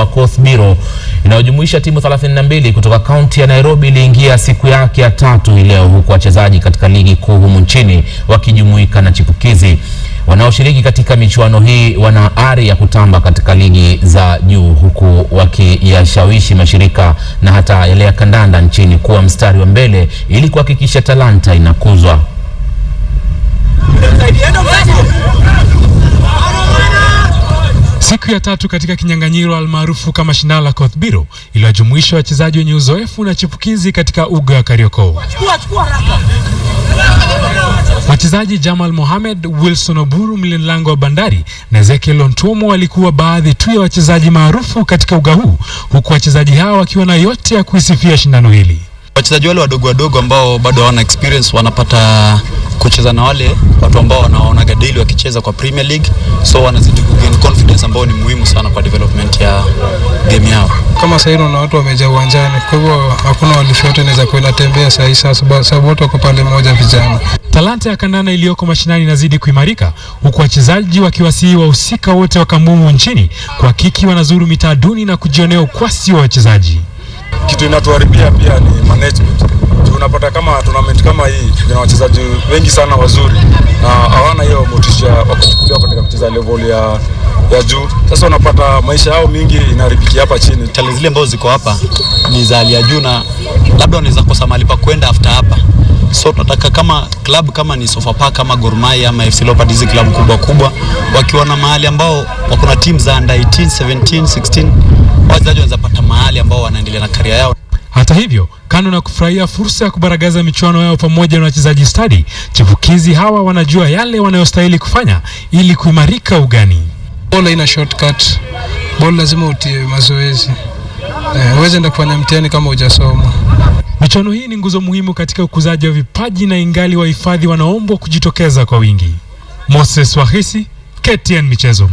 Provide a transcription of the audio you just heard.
wa Coast Biro inayojumuisha timu 32 kutoka kaunti ya Nairobi iliingia siku yake ya tatu hii leo, huku wachezaji katika ligi kuu humu nchini wakijumuika na chipukizi. Wanaoshiriki katika michuano hii wana ari ya kutamba katika ligi za juu, huku wakiyashawishi mashirika na hata yale ya kandanda nchini kuwa mstari wa mbele ili kuhakikisha talanta inakuzwa. ya tatu katika kinyang'anyiro almaarufu kama shindano la Biro iliyojumuisha wachezaji wenye uzoefu na chipukizi katika uga wa karioko Wachezaji Jamal Mohamed, Wilson Oburu, mlinda lango wa Bandari na Ezekiel Ontuomo walikuwa baadhi tu ya wachezaji maarufu katika uga huu, huku wachezaji hao wakiwa na yote ya kuisifia shindano hili. Wachezaji wale wadogo wadogo ambao bado hawana experience wanapata kucheza na wale watu ambao wanaonaga daily wakicheza kwa Premier League, so wanazidi kugain confidence ambayo ni muhimu sana kwa development ya game yao. Kama sasa hivi na watu wamejaa uwanjani, kwa hivyo hakuna walifu yote naweza kwenda tembea sasa hivi, sababu wote wako pale moja vijana. Talanta ya kandanda iliyoko mashinani inazidi kuimarika huku wachezaji wakiwasihi wahusika wote wa kambumu nchini kuhakiki wanazuru mitaa duni na kujionea ukwasi wa wachezaji. Kitu inatuharibia pia ni management unapata kama tournament kama hii ina wachezaji wengi sana wazuri na hawana hiyo motisha wa kuchukuliwa katika kucheza level ya ya juu. Sasa unapata maisha yao mingi inaharibiki hapa chini. Challenge zile ambazo ziko hapa ni za hali ya juu, na labda wanaweza kosa mahali pa kwenda after hapa. So tunataka kama club kama ni Sofapaka ama Gor Mahia ama FC Leopards, hizi club kubwa kubwa, wakiwa na mahali ambao wako na team za under 18, 17, 16, wachezaji wanaweza pata mahali ambao wanaendelea na career yao. Hata hivyo, kando na kufurahia fursa ya kubaragaza michuano yao pamoja na wachezaji stadi, chipukizi hawa wanajua yale wanayostahili kufanya ili kuimarika ugani. Bola ina shortcut. Bola lazima utie mazoezi, eh, huwezi enda kufanya mtihani kama hujasoma. Michuano hii ni nguzo muhimu katika ukuzaji wa vipaji na ingali wahifadhi wanaombwa kujitokeza kwa wingi. Moses Wahisi, KTN Michezo.